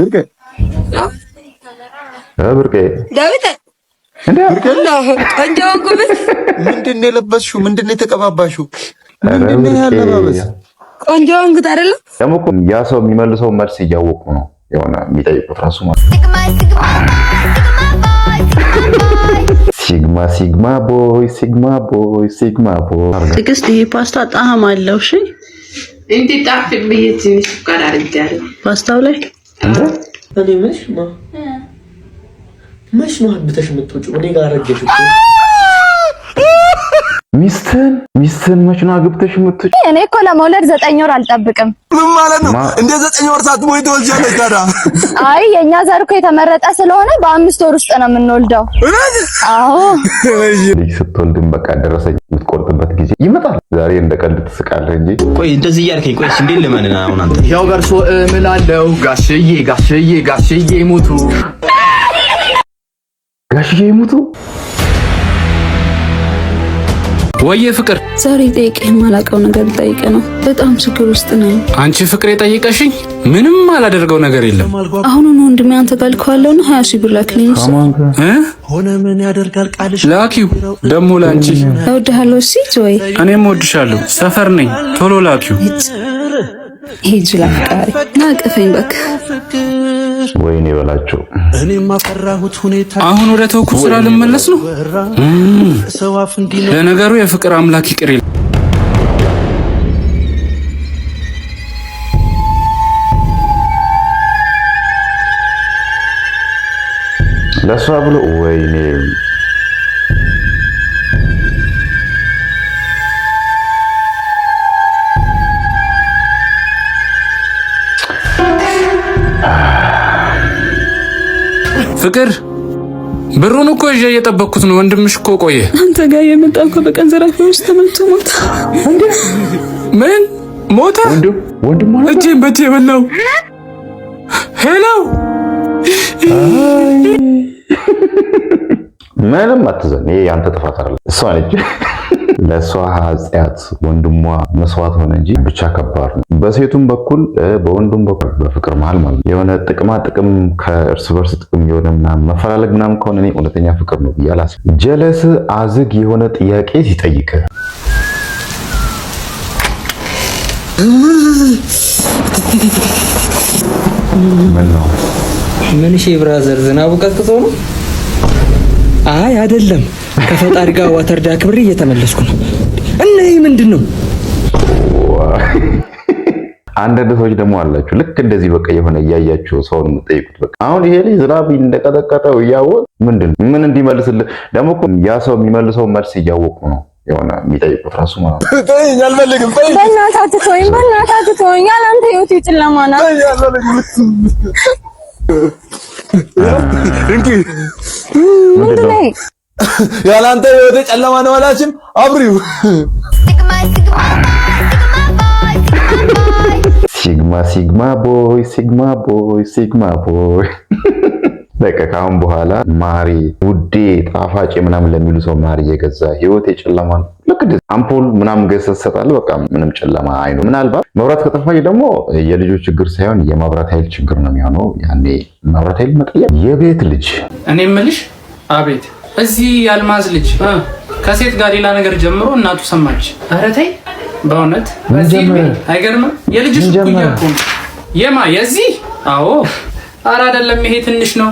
ብርቄ ብርቄ ዳዊት እንደ ምንድን ነው የለበስሽው? ምንድን ነው የተቀባባሽው? ምንድን ነው ያለባበስ? ቆንጆ አንግት አይደለም ደግሞ እኮ ያ ሰው የሚመልሰው መልስ እያወቁ ነው የሆነ የሚጠይቁት ራሱ ሲግማ ሲግማ ቦይ ሲግማ ቦይ ሲግማ ቦይ። ትዕግስት ይሄ ፓስታ ጣዕም አለው። እሺ እንዴ ጣፍ ብዬ ትንሽ ቃል አድርጌያለሁ ፓስታው ላይ እኔ መች ማ መች ነው አግብተሽ የምትወጪው? እኔ ጋር ረጀሽ ሚስትን ሚስትን መች ነው አግብተሽ የምትጭ? እኔ እኮ ለመውለድ ዘጠኝ ወር አልጠብቅም። ምን ማለት ነው? እንደ ዘጠኝ ወር ሳትሞይ ትወልጃለሽ ታዲያ? አይ የኛ ዘር እኮ የተመረጠ ስለሆነ በአምስት ወር ውስጥ ነው የምንወልደው። አዎ ልጅ ስትወልድም በቃ ደረሰኝ የምትቆርጥበት ጊዜ ይመጣል። ዛሬ እንደ ቀልድ ትስቃለህ እንጂ ቆይ እንደዚህ እያልከኝ ቆይ እንዴ ለምን አሁን አንተ ያው ጋር ሶ እምላለሁ ጋሽዬ ጋሽዬ ጋሽዬ ይሞቱ ጋሽዬ ይሞቱ ወይ ፍቅር፣ ዛሬ ጠይቀ የማላውቀው ነገር ጠይቀ ነው። በጣም ችግር ውስጥ ነኝ። አንቺ ፍቅር የጠይቀሽኝ ምንም አላደርገው ነገር የለም። አሁኑን ወንድሜ አንተ ጋር ሀያ ሺህ ብር ላክልኝ። ሆነ ምን ያደርጋል ቃልሽ ላኪው። ደግሞ ለአንቺ እወድሃለሁ ሲት ወይ እኔም እወድሻለሁ። ሰፈር ነኝ። ቶሎ ላኪው። ሂጅ ላፍቃሪ ናቀፈኝ በቃ ወይኔ በላቸው። እኔም አፈራሁት ሁኔታ። አሁን ወደ ተውኩ ስራ ልመለስ ነው። ለነገሩ የፍቅር አምላክ ይቅር ይላል። ለእሷ ብሎ ወይኔ ፍቅር ብሩን እኮ እዣ እየጠበቅኩት ነው። ወንድምሽ እኮ ቆየ። አንተ ጋር የመጣ እኮ በቀን ዘራፊዎች ተመልቶ ሞተ። ምን ሞተ? እጄን በት የበላው ሄሎ፣ ምንም አትዘን። ይሄ ያንተ ጥፋት አለ። እሷ ነች ለእሷ ኃጢአት ወንድሟ መስዋዕት ሆነ እንጂ ብቻ ከባድ ነው። በሴቱም በኩል በወንዱም በኩል በፍቅር መሃል ማለት የሆነ ጥቅማ ጥቅም ከእርስ በርስ ጥቅም የሆነ ምናምን መፈላለግ ምናምን ከሆነ እኔ እውነተኛ ፍቅር ነው ብዬ አላስብም። ጀለስ አዝግ የሆነ ጥያቄ ሲጠይቅ ምን ነው ምን ሺህ ብራዘር ዝናቡ ቀጥቅጦ ነው አይ አይደለም፣ ከፈጣሪ ጋር ዋተርዳ ክብሬ እየተመለስኩ ነው። እና ይህ ምንድን ነው? አንዳንድ ሰዎች ደግሞ አላችሁ፣ ልክ እንደዚህ በቃ የሆነ እያያችሁ ሰውን የምጠይቁት በቃ አሁን ይሄ ላይ ዝናብ እንደቀጠቀጠው እያወቅ ምንድን ምን እንዲመልስልህ ደግሞ እኮ ያ ሰው የሚመልሰው መልስ እያወቁ ነው የሆነ የሚጠይቁት ራሱ ማለት ነው። ተይኝ አልፈልግም፣ በእናትህ አትተወኝ፣ በእናትህ አትተወኝ፣ ያለ አንተ ህይወት ጨለማ ናት። ያላንተ ህይወቴ ጨለማ ነው አላችም። አብሪው ሲግማ ሲግማ ቦይ ሲግማ ቦይ ሲግማ ቦይ በቃ ከአሁን በኋላ ማሪ ውዴ ጣፋጭ ምናምን ለሚሉ ሰው ማሪ እየገዛ ህይወት የጨለማ ነው። ልክ አምፖል ምናምን ገዝተህ ትሰጣለህ። በቃ ምንም ጨለማ አይኑ። ምናልባት መብራት ከጠፋጭ ደግሞ የልጆች ችግር ሳይሆን የመብራት ኃይል ችግር ነው የሚሆነው። ያኔ መብራት ኃይል መጠየቅ የቤት ልጅ እኔ የምልሽ አቤት። እዚህ የአልማዝ ልጅ ከሴት ጋር ሌላ ነገር ጀምሮ እናቱ ሰማች። ኧረ ተይ በእውነት አይገርምም? የልጅሽ እኩያ የማ የዚህ አዎ ኧረ አይደለም ይሄ ትንሽ ነው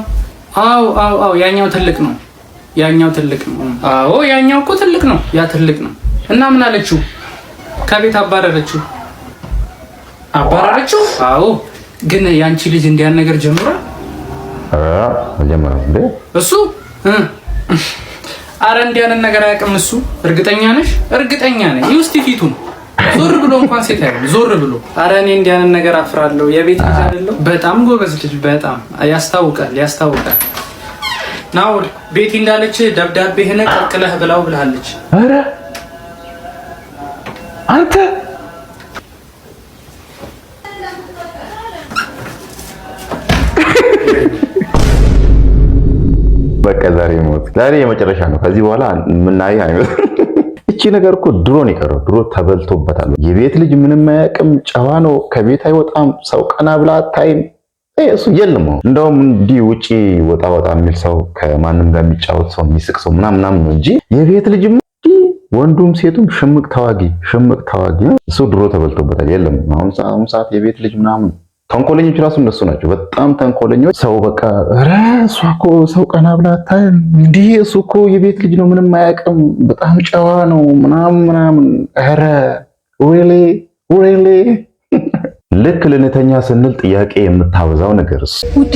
አው አው አው ያኛው ትልቅ ነው። ያኛው ትልቅ ነው። አዎ ያኛው እኮ ትልቅ ነው። ያ ትልቅ ነው። እና ምን አለችው? ከቤት አባረረችው። አባረረችው? አዎ። ግን ያንቺ ልጅ እንዲያን ነገር ጀምሯል። እሱ አረ እንዲያንን ነገር አያውቅም እሱ። እርግጠኛ ነሽ? እርግጠኛ ነኝ። ይውስቲ ፊቱን ዞር ብሎ እንኳን ሴት ዞር ብሎ አረ እኔ እንዲያንን ነገር አፍራለሁ። የቤት ልጅ አይደለሁ። በጣም ጎበዝ ልጅ፣ በጣም ያስታውቃል፣ ያስታውቃል። ናውል ቤቲ እንዳለች ደብዳቤህን ቀቅለህ ብላው ብላለች። አረ አንተ በቃ ዛሬ ሞት፣ ዛሬ የመጨረሻ ነው። ከዚህ በኋላ የምናየህ አይመስልም። እቺ ነገር እኮ ድሮ ነው የቀረው። ድሮ ተበልቶበታል። የቤት ልጅ ምንም አያውቅም። ጨዋ ነው። ከቤት አይወጣም። ሰው ቀና ብላ አታይም። እሱ የለም። ነው እንደውም እንዲህ ውጪ ወጣ ወጣ የሚል ሰው ከማንም ጋር የሚጫወት ሰው የሚስቅ ሰው ምናምን ምናምን ነው እንጂ የቤት ልጅም ወንዱም ሴቱም ሽምቅ ታዋጊ ሽምቅ ነው። እሱ ድሮ ተበልቶበታል። የለም አሁን ሰዓት የቤት ልጅ ምናምን ተንኮለኞች ራሱ እነሱ ናቸው። በጣም ተንኮለኞች ሰው በቃ ኧረ እሷ እኮ ሰው ቀና ብላታ እንዲህ እሱ እኮ የቤት ልጅ ነው ምንም አያውቅም በጣም ጨዋ ነው ምናምን ምናምን ኧረ ሬሌ ሬሌ ልክ ልንተኛ ስንል ጥያቄ የምታበዛው ነገርስ? ውዴ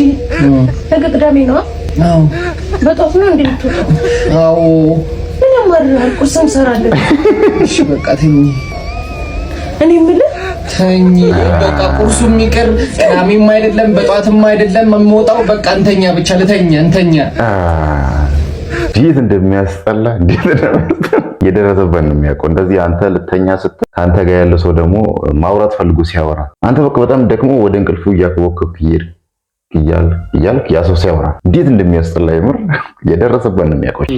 ነገ ቅዳሜ ነው። አዎ በጧት ነው እንዴት? አዎ ምን ያማርሃል? ቁርስ እንሰራለን። እሺ በቃ ተኝ። እኔ የምልህ ተኝ በቃ ቁርሱ የሚቀር ቅዳሜም አይደለም በጧትም አይደለም የምወጣው። በቃ እንተኛ ብቻ ልተኛ እንተኛ። እንዴት እንደሚያስጠላ እንዴት እንደሚያስጠላ የደረሰበት ነው የሚያውቀው። እንደዚህ አንተ ልተኛ ስትል ከአንተ ጋር ያለ ሰው ደግሞ ማውራት ፈልጎ ሲያወራ አንተ በቃ በጣም ደግሞ ወደ እንቅልፉ እያኮበከብክ ይሄድ እያል እያልክ ያ ሰው ሲያወራ እንዴት እንደሚያስጠላ የምር የደረሰበት ነው የሚያውቀው።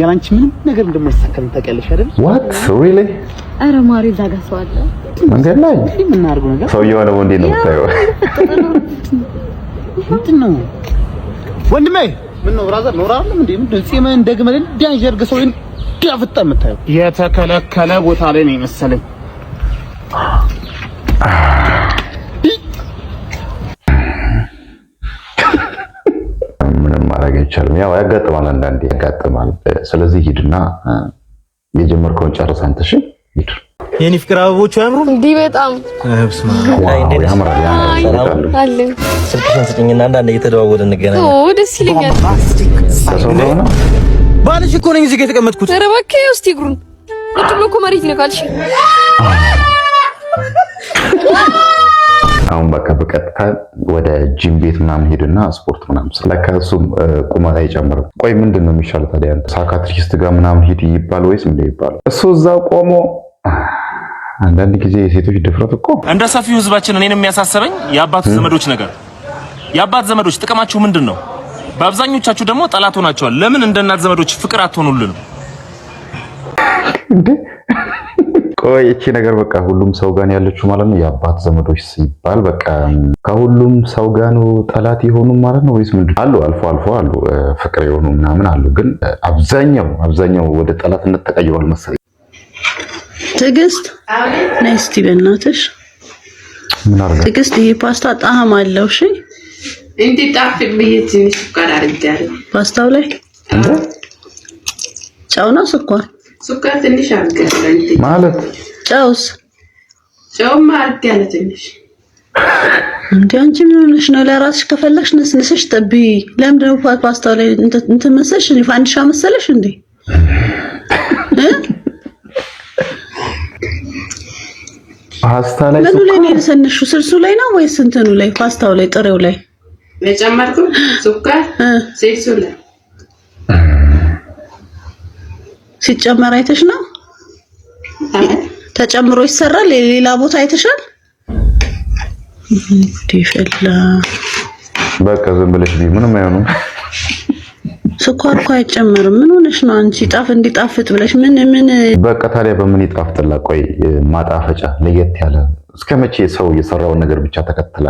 ያለ አንቺ ምንም ነገር እንደማይሳካ ታውቂያለሽ አይደል? ዋት ሪሊ? አረ ማሪ እዛ ጋር ሰው አለ መንገድ ላይ የምናደርገው ነገር ሰው ነው። ወንዴ ነው ታየው ምንድን ነው ወንድሜ? ምን ነው ብራዘር ኖራ አይደለም እንዴ? ጽመን ደግመህ እንዳንጀርግ ሰው አፍጣ የምታየው የተከለከለ ቦታ ላይ ነው የመሰለኝ። ምንም ማድረግ አይቻልም። ያው ያጋጥማል፣ አንዳንዴ ያጋጥማል። ስለዚህ ሂድና የጀመርከውን ጨርስ። አንተ እሺ ሂድ። የኔ ፍቅር አበቦቹ ያምሩ እንዴ! በጣም ያምራል። ስልክሽን ስጭኝና አንዳንዴ እየተደዋወልን እንገናኛለን። ደስ ይለኛል። ልጅ እኮ ነኝ እዚህ ጋር የተቀመጥኩት። ኧረ እባክህ እስቲ እግሩን ቁጭ ብሎ እኮ መሬት ይነካል። አሁን በቃ በቀጥታ ወደ ጂም ቤት ምናምን ሄድና ስፖርት ምናምን ስለካ ለካ እሱም ቁመት አይጨምርም። ቆይ ምንድን ነው የሚሻለው ታዲያ? ሳካትሪስት ጋር ምናምን ሂድ ይባል ወይስ ምንድን ይባል? እሱ እዛ ቆሞ አንዳንድ ጊዜ የሴቶች ድፍረት እኮ እንደ ሰፊው ህዝባችን እኔን የሚያሳሰበኝ የአባቱ ዘመዶች ነገር የአባት ዘመዶች ጥቅማችሁ ምንድን ነው? በአብዛኞቻችሁ ደግሞ ጠላት ሆናቸዋል። ለምን እንደ እናት ዘመዶች ፍቅር አትሆኑልንም? እንዴ ቆይ እቺ ነገር በቃ ሁሉም ሰው ጋር ያለችው ማለት ነው። የአባት ዘመዶች ሲባል በቃ ከሁሉም ሰው ጋር ነው ጠላት የሆኑ ማለት ነው ወይስ ምንድን አሉ? አልፎ አልፎ አሉ ፍቅር የሆኑ ምናምን አሉ። ግን አብዛኛው አብዛኛው ወደ ጠላትነት ተቀይሯል መሰለኝ። ትዕግስት ነይ እስቲ በእናትሽ ምን ትዕግስት፣ ይሄ ፓስታ ጣዕም አለው። እሺ እንዲጣፍጥ ብዬ ትንሽ ስኳር አድርጌያለሁ። ፓስታው ላይ ጨው ነው ስኳር? ስኳር ትንሽ አድርጌያለሁ። ማለት ጨውስ? ጨውማ አድርጌያለሁ ትንሽ። እንዴ አንቺ ምን ሆነሽ ነው? ለራስሽ ከፈለግሽ ነስነስሽ ጠቢ። ለምንድን ነው ፓስታው ላይ እንትን መሰለሽ? ፋንዲሻ መሰለሽ እንዴ? ፓስታ ላይ ምኑ ላይ ነው የሰነሹ? ስልሱ ላይ ነው ወይስ እንትኑ ላይ? ፓስታው ላይ ጥሬው ላይ የጨመርኩት ሱካር ሴሱለ ሲጨመር አይተሽ ነው? ተጨምሮ ይሰራል። ሌላ ቦታ አይተሻል? ይፈላ በቃ ዝም ብለሽ ምንም አይሆንም። ስኳር እኮ አይጨመርም። ምን ሆነሽ ነው አንቺ? ጣፍ እንዲጣፍጥ ብለሽ ምን ምን በቃ ታዲያ በምን ይጣፍጥላ? ቆይ ማጣፈጫ ለየት ያለ እስከ መቼ ሰው የሰራውን ነገር ብቻ ተከተለ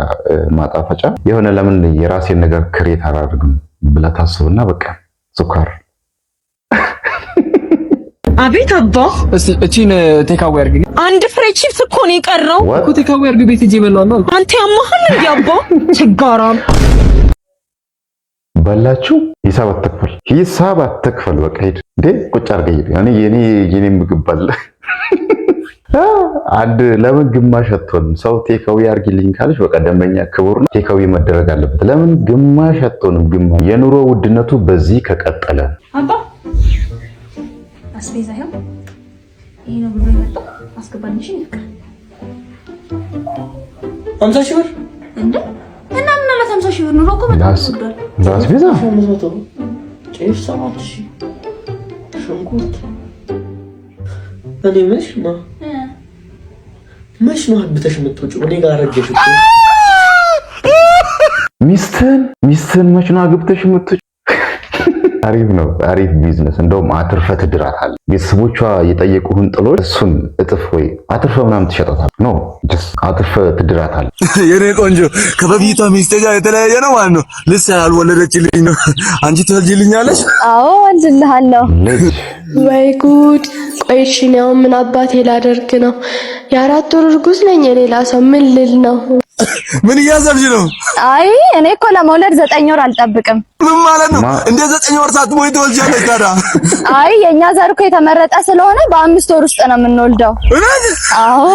ማጣፈጫ የሆነ ለምን የራሴን ነገር ክሬት አላደርግም ብለህ ታስብና በቃ ስኳር አቤት አባ እቺን ቴካዌ አርግ። አንድ ፍሬ ቺፕስ እኮ ነው የቀረው እኮ ቴካዌ አርግ። ቤት እጄ በላው ነው። አንተ ያማህል እንዴ አባ ችጋራም በላችሁ። ሂሳብ አትክፈል፣ ሂሳብ አትክፈል። በቃ ሂድ እንዴ ቁጭ አርገ ሂድ። እኔ የኔ የኔ ምግብ በላ አንድ ለምን ግማሽ አትሆንም? ሰው ቴካዊ አርጊልኝ ካለች በቃ ደንበኛ ክቡር ነው፣ ቴካዊ መደረግ አለበት። ለምን ግማሽ አትሆንም? ግማሽ የኑሮ ውድነቱ በዚህ ከቀጠለ አባ አስቤዛ ሺህ እና ምን ሺህ ሺህ እኔ መች ነው አግብተሽ የምትወጪው? እኔ ጋር ረጀሽ እኮ ሚስትህን ሚስትህን መች ነው አግብተሽ የምትወጪው? አሪፍ ነው፣ አሪፍ ቢዝነስ። እንደውም አትርፈህ ትድራታለህ። ቤተሰቦቿ የጠየቁህን ጥሎች እሱን እጥፍ ወይ አትርፈ ምናምን ትሸጣታል። ኖ አትርፈ ትድራታል። የኔ ቆንጆ ከበፊቷ ሚስቴ ጋር የተለያየ ነው ማለት ነው። ልስ ያልወለደችልኝ ነው። አንቺ ትወልጂልኛለሽ? አዎ ወልጅልሃለሁ። ወይ ጉድ! ቆይሽን ያው ምን አባቴ ላደርግ ነው? የአራት ወር እርጉዝ ነኝ። የሌላ ሰው ምን ልል ነው? ምን እያሰብሽ ነው? አይ እኔ እኮ ለመውለድ ዘጠኝ ወር አልጠብቅም። ምን ማለት ነው? እንደ ዘጠኝ ወር ሳትሞይ ትወልጃለሽ ታዲያ? አይ የእኛ ዘር እኮ የተመረጠ ስለሆነ በአምስት ወር ውስጥ ነው የምንወልደው። አዎ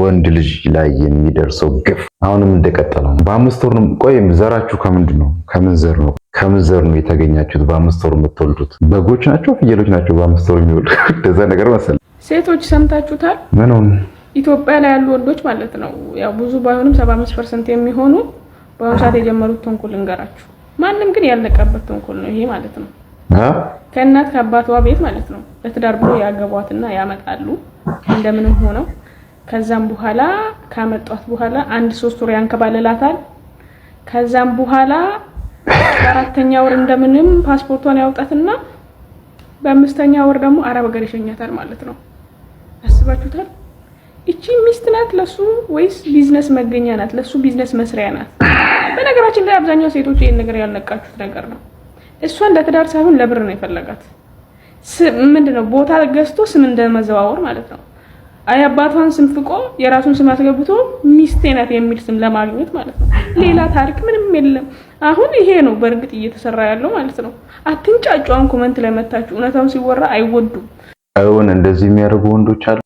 ወንድ ልጅ ላይ የሚደርሰው ግፍ አሁንም እንደቀጠለ ነው። በአምስት ወር ነው። ቆይም ዘራችሁ ከምንድን ነው? ከምን ዘር ነው? ከምን ዘር ነው የተገኛችሁት? በአምስት ወር የምትወልዱት በጎች ናቸው፣ ፍየሎች ናቸው? በአምስት ወር የሚወልዱ እንደዛ ነገር መሰለ። ሴቶች ሰምታችሁታል? ምኑን ኢትዮጵያ ላይ ያሉ ወንዶች ማለት ነው። ያው ብዙ ባይሆንም 75 ፐርሰንት የሚሆኑ በአሁኑ ሰዓት የጀመሩት ተንኮል ልንገራችሁ ማንም ግን ያልነቃበት ተንኮል ነው ይሄ ማለት ነው። ከእናት ከአባቷ ቤት ማለት ነው ለትዳር ብሎ ያገቧትና ያመጣሉ እንደምንም ሆነው። ከዛም በኋላ ካመጧት በኋላ አንድ ሶስት ወር ያንከባለላታል። ከዛም በኋላ በአራተኛ ወር እንደምንም ፓስፖርቷን ያውጣትና በአምስተኛ ወር ደግሞ አረብ ሀገር ይሸኛታል ማለት ነው። አስባችሁታል? እቺ ሚስት ናት ለሱ ወይስ ቢዝነስ መገኛ ናት? ለሱ ቢዝነስ መስሪያ ናት። በነገራችን ላይ አብዛኛው ሴቶች ይህን ነገር ያልነቃችሁት ነገር ነው። እሷን ለትዳር ሳይሆን ለብር ነው የፈለጋት። ምንድነው ነው ቦታ ገዝቶ ስም እንደመዘዋወር ማለት ነው። አይ አባቷን ስም ፍቆ የራሱን ስም አስገብቶ ሚስቴ ናት የሚል ስም ለማግኘት ማለት ነው። ሌላ ታሪክ ምንም የለም። አሁን ይሄ ነው በእርግጥ እየተሰራ ያለው ማለት ነው። አትንጫጫን። ኮመንት ላይ መታችሁ እውነታውን ሲወራ አይወዱም። አይሆን እንደዚህ የሚያደርጉ ወንዶች አሉ።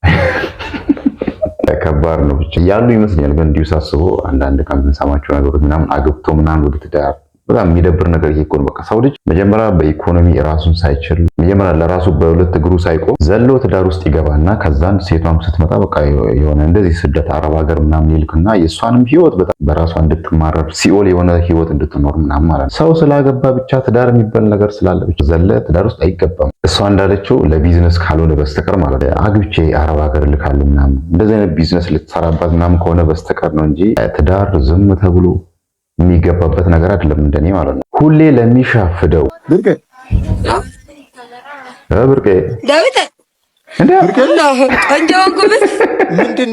ከባድ ነው ብቻ ያሉ ይመስለኛል። ግን እንዲሁ ሳስበው አንዳንድ ከምንሰማቸው ነገሮች ምናምን አግብቶ ምናምን ወደ ትዳር በጣም የሚደብር ነገር እኮ ነው። በቃ ሰው ልጅ መጀመሪያ በኢኮኖሚ ራሱን ሳይችል መጀመሪያ ለራሱ በሁለት እግሩ ሳይቆም ዘሎ ትዳር ውስጥ ይገባና ከዛን ሴቷም ስትመጣ በቃ የሆነ እንደዚህ ስደት አረብ ሀገር ምናምን ይልክና የእሷንም ህይወት በጣም በራሷ እንድትማረር ሲኦል የሆነ ህይወት እንድትኖር ምናምን ማለት ነው። ሰው ስላገባ ብቻ ትዳር የሚባል ነገር ስላለ ብቻ ዘለ ትዳር ውስጥ አይገባም። እሷ እንዳለችው ለቢዝነስ ካልሆነ በስተቀር ማለት ነው። አግብቼ አረብ ሀገር ልካሉ ምናምን እንደዚህ አይነት ቢዝነስ ልትሰራባት ምናምን ከሆነ በስተቀር ነው እንጂ ትዳር ዝም ተብሎ የሚገባበት ነገር አይደለም፣ እንደኔ ማለት ነው። ሁሌ ለሚሻፍደው ብርቄ ብርቄ ዳዊት ምንድን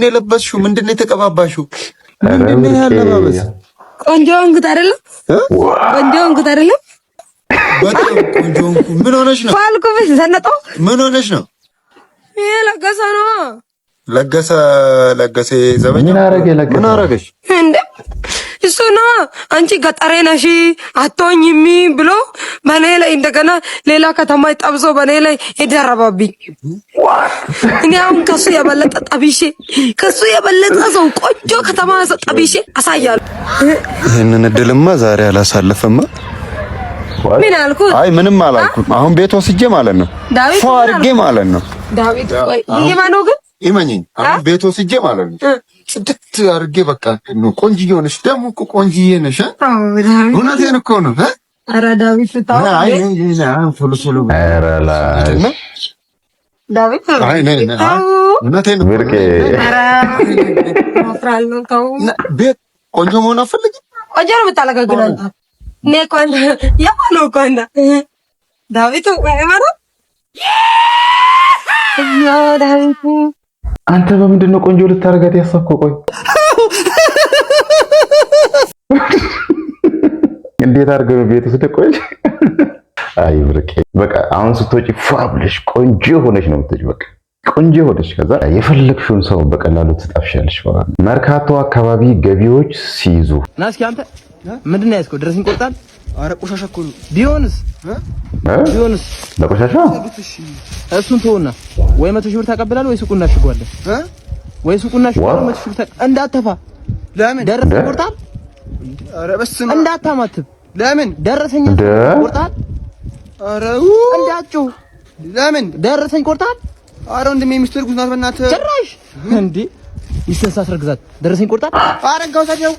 ነው የለበስሽው? ምንድን ነው የተቀባባሽው? ምንድን ነው ያለባበስ? ቆንጆ እንኩት አይደለም? ቆንጆ እንኩት አይደለም? በጣም ቆንጆ እንኩ። ምን ሆነሽ ነው? ፋልኩብሽ ዘነጦ። ምን ሆነሽ ነው? ይሄ ለገሰ ነው። ለገሰ ለገሰ ዘበኛ ምን አረገ? ለገሰ ምን አረገሽ እንዴ? እሱና አንቺ ገጠሬ ነሽ አትሆኝም ብሎ በኔ ላይ እንደገና ሌላ ከተማ ጠብሶ በኔ ላይ የደረበብኝ። እኔ አሁን ከሱ የበለጠ ጠቢሼ ከሱ የበለጠ ሰው ቆንጆ ከተማ ሰው ጠቢሼ አሳያለሁ። ይህንን እድልማ ዛሬ አላሳልፍማ። ምን አልኩት? አይ ምንም አላልኩም። አሁን ቤት ወስጄ ማለት ነው ፎ አድርጌ ማለት ነው ዳዊት ይሄ ማነው ግን ይመኝኝ አሁን ቤት ወስጄ ማለት ነው ጽድት አድርጌ በቃ ቆንጅዬ ሆነሽ ደግሞ እኮ ቆንጅዬ ነሽ። እውነቴን እኮ ነው። ኧረ ዳዊት ቤት ቆንጆ መሆን አፈልግ ቆንጆ ነው የምታለጋግለው አንተ በምንድን ነው ቆንጆ ልታደርጋት ያሰብከው? ቆይ እንዴት አድርገው ነው ቤት ውስጥ? ቆይ አይ ብርቄ፣ በቃ አሁን ስትወጪ ፏ ቆንጆ ሆነሽ ነው የምትወጪ። በቃ ቆንጆ ሆነሽ ከዛ የፈለግሽውን ሰው በቀላሉ ትጣፍሻለሽ ማለት መርካቶ አካባቢ ገቢዎች ሲይዙ አንተ ምንድን ነው ያዝከው? ድረስኝ ቆርጣል። ኧረ ቆሻሻ እኮ ነው። ቢሆንስ ቢሆንስ ለቆሻሻ እሱን ተውና ወይ መቶ ሺህ ብር ታቀብላለህ ወይ ሱቁና እናሽገዋለን ወይ ሱቁን እናሽገዋለን። መቶ ሺህ ብር እንዳትተፋ። ለምን ደረሰኝ ቆርጣል? አረ በስመ አብ እንዳታማትብ። ለምን ደረሰኝ ቆርጣል? አረ እንዳትጮህ። ለምን ደረሰኝ ቆርጣል? አረ ወንድሜ ሚስትህ እርጉዝ ናት። በእናትህ ጭራሽ እንዴ ይሰንሳስ ረግዛት። ደረሰኝ ቆርጣል። አረ እንካው ታዲያው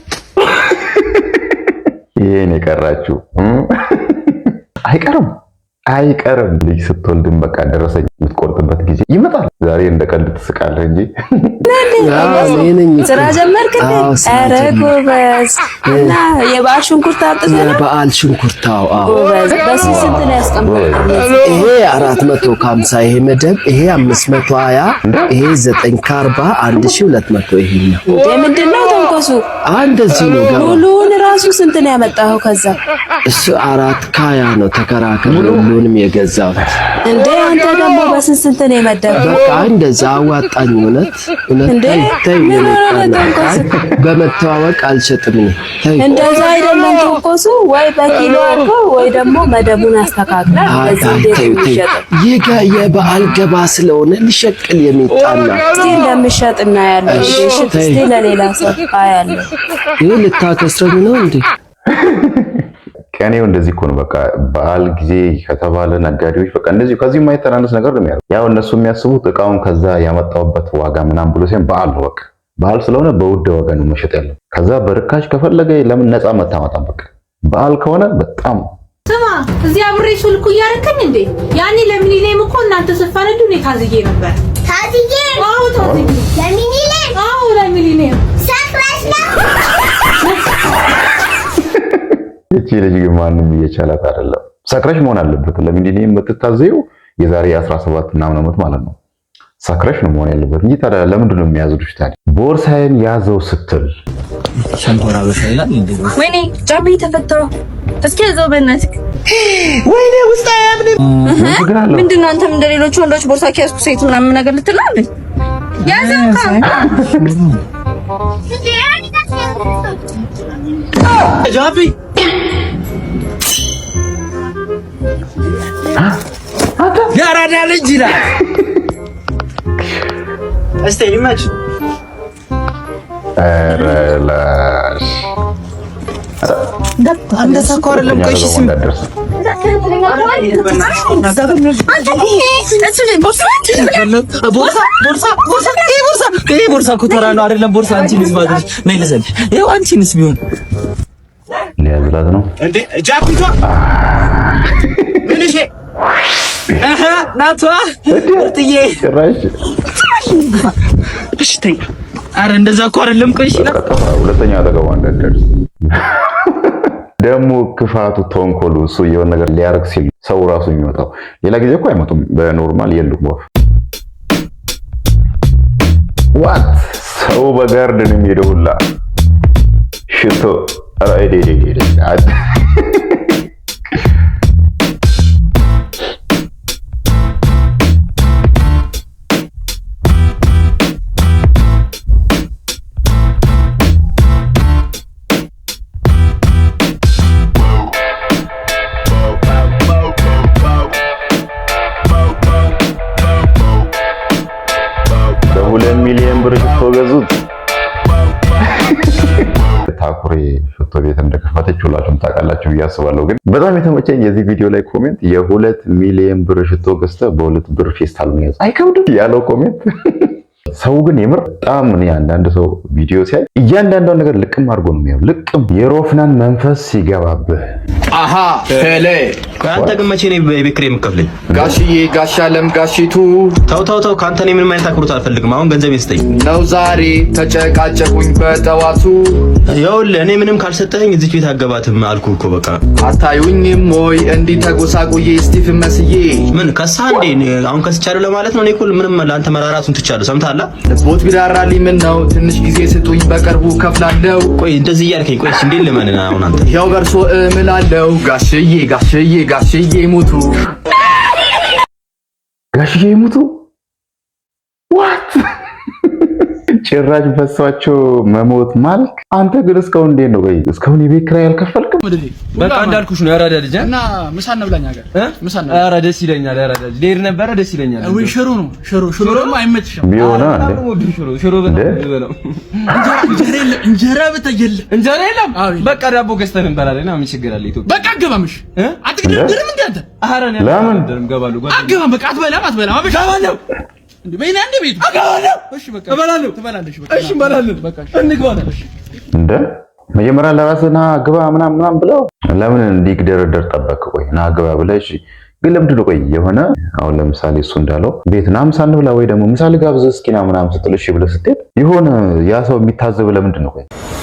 ይሄን የቀራችሁ አይቀርም አይቀርም። ልጅ ስትወልድም በቃ ደረሰኝ የምትቆርጥበት ጊዜ ይመጣል። ዛሬ እንደ ቀልድ ትስቃለህ እንጂ ስራ ጀመርክ። ኧረ ጎበዝ! እና የበዓል ሽንኩርት አምጥተህ ነው የበዓል ሽንኩርት? አዎ ጎበዝ። ስንት ነው ያስቀመጥኩት? ይሄ አራት መቶ ከሀምሳ ይሄ መደብ፣ ይሄ አምስት መቶ ሀያ ይሄ ዘጠኝ ከአርባ አንድ ሺህ ሁለት መቶ ይሄኛው ምንድን ነው ተንኮሱ? እንደዚህ ነው ሙሉውን ራሱ ስንት ነው ያመጣኸው? ከዛ እሱ አራት ካያ ነው ተከራከረ። ሁሉንም የገዛሁት እንዴ። አንተ ደግሞ በስንት ስንት ነው የመደብከው? በቃ እንደዛ አዋጣኝ። እውነት እውነት ታይ በመተዋወቅ አልሸጥም ነው። እንደዛ አይደለም ተንኮሱ፣ ወይ በኪሎ አድርገው ወይ ደግሞ መደቡን አስተካክላ ይጋ የበዓል ገባ ስለሆነ ሊሸቅል የሚጣላ እስቲ እንደምሸጥ እናያለን። እሺ፣ እስቲ ለሌላ ሰው አያለሁ። ይሄ ልታከስረኝ ነው እንዴ? ቀኔው እንደዚህ እኮ ነው። በቃ በዓል ጊዜ ከተባለ ነጋዴዎች በቃ እንደዚህ ከዚህ የማይተናነስ ነገር ነው የሚያደርጉት። ያው እነሱ የሚያስቡት እቃውን ከዛ ያመጣውበት ዋጋ ምናምን ብሎ ሲሆን በዓል ነው በቃ በዓል ስለሆነ በውድ ዋጋ ነው መሸጥ ያለው። ከዛ በርካሽ ከፈለገ ለምን ነፃ መታመጣም በቃ በዓል ከሆነ በጣም ስማ፣ እዚህ አብሬ ሱልኩ እያረከኝ እንዴ? ያኔ ለሚኒሌም እኮ እናንተ ስፋነዱ እኔ ታዝዬ ነበር። ታዝዬ? አዎ ታዝዬ። ለሚኒሌም? አዎ ለሚኒሌም። ሰክረሽ ነው ይቺ ልጅ ግን ማንም እየቻላት አይደለም። ሰክረሽ መሆን አለበት ለምን እንደኔ የምትታዘዩ የዛሬ 17 ምናምን ዓመት ማለት ነው። ሰክረሽ ነው መሆን ያለበት እንጂ ታዲያ ለምንድን ነው የሚያዝዱሽ? ታዲያ ቦርሳዬን ያዘው ስትል ሸንኮራ በሳይላል ወይኔ ጫማ ተፈቶ እስኪ ያዘው በእናትህ ወይኔ ውስጥ አያምንም። ምንድን ነው አንተም እንደሌሎች ወንዶች ቦርሳ ከያዝኩ ሴት ምናምን ነገር ልትላለህ? ያዘው ካ የአራዳ ልጅ ይላል። እስቲ ይመች እንደዛ እኮ አይደለም። ቆይ እሺ፣ ስም ቦርሳ እኮ ተራ ነው አይደለም። ቦርሳ አንቺንስ ባትልሽ ነይ ልሰልሽ። ይኸው አንቺንስ ቢሆን ሊያዝላት ነው እንዴ ጃፒቷ ናቷ ጥዬ ሽተኝ። ደግሞ ክፋቱ ተንኮሉ፣ እሱ የሆነ ነገር ሊያደርግ ሲል ሰው ራሱ የሚመጣው ሌላ ጊዜ እኮ አይመጡም። በኖርማል የሉም። ወፍ ዋት ሰው በጋርድ ነው የሚሄደው ሁላ ሽቶ በሚሊየን ብር ሽቶ ገዙት። ታኩሬ ሽቶ ቤት እንደከፈተች ሁላችሁም ታውቃላችሁ ብዬ አስባለሁ። ግን በጣም የተመቸኝ የዚህ ቪዲዮ ላይ ኮሜንት የሁለት ሚሊየን ብር ሽቶ ገዝተ በሁለት ብር ፌስታል መያዝ አይከብድም ያለው ኮሜንት ሰው ግን የምር በጣም አንዳንድ ሰው ቪዲዮ ሲያይ እያንዳንዷን ነገር ልቅም አድርጎ ነው የሚያው። ልቅም የሮፍናን መንፈስ ሲገባብህ አሀ ሄሌ ከአንተ ግን መቼ ነው የቤት ኪራይ የምከፍለኝ? ጋሽዬ ጋሻለም ጋሺቱ ተው ተው ተው፣ ከአንተ እኔ ምንም አይነት አክብሮት አልፈልግም። አሁን ገንዘብ ይስጠኝ ነው። ዛሬ ተጨቃጨቁኝ በጠዋቱ። ይኸውልህ እኔ ምንም ካልሰጠኝ እዚች ቤት አገባትም አልኩ እኮ በቃ። አታዩኝም ወይ እንዲህ ተጎሳቁዬ ስቲፍ መስዬ? ምን ከሳህ እንዴ? አሁን ከስቻለሁ ለማለት ነው። እኔ እኮ ምንም ለአንተ መራራቱን ትቻለሁ። ሰምተሃል አላ ልቦት ቢራራልኝ ምን ነው ትንሽ ጊዜ ስጡኝ፣ በቅርቡ ከፍላለው። ቆይ እንደዚህ እያልከኝ ቆይ እንዴት ልመንህ አሁን አንተ? ያው በእርሶ እምላለው ጋሽዬ ጋሽዬ ጋሽዬ ሙቱ ጋሽዬ ይሙቱ ዋት ጭራሽ በሷቸው መሞት ማልክ። አንተ ግን እስካሁን እንዴት ነው? ወይ? እስካሁን የቤት ኪራይ አልከፈልክም? በቃ እንዳልኩሽ ነው። ያራዳ ልጅ እና ምሳ እንብላኝ ሀገር ምሳ ነው። ኧረ ደስ ይለኛል። ያራዳ ልጅ ልሄድ ነበረ ደስ ይለኛል። ወይ ሽሮ ነው ሽሮ ሽሮ ደግሞ አይመችሽም ቢሆን አለ ሽሮ ሽሮ በለው እንጀራ በተየለ እንጀራ የለም። በቃ ዳቦ ገዝተን እንበላለን። ምን ችግር አለ? ኢትዮጵያ በቃ አገባምሽ አትግደርም እንዴ አንተ? ኧረ ለምን ገባሉ? አገባም በቃ አትበላም አትበላም አበሻ እንደ መጀመሪያ ለራስህ ና ግባ ምናምን ምናምን ብለው ለምን እንዲግደረደር ጠበቅ? ቆይ ና ግባ ብለሽ ግን ለምንድን ነው ቆይ የሆነ አሁን ለምሳሌ እሱ እንዳለው ቤት ና ምሳ እንብላ ወይ ደግሞ ምሳሌ ጋብዘህ እስኪ ና ምናምን ስትል እሺ ብለህ ስትሄድ የሆነ ያ ሰው የሚታዘብ ለምንድን ነው ቆይ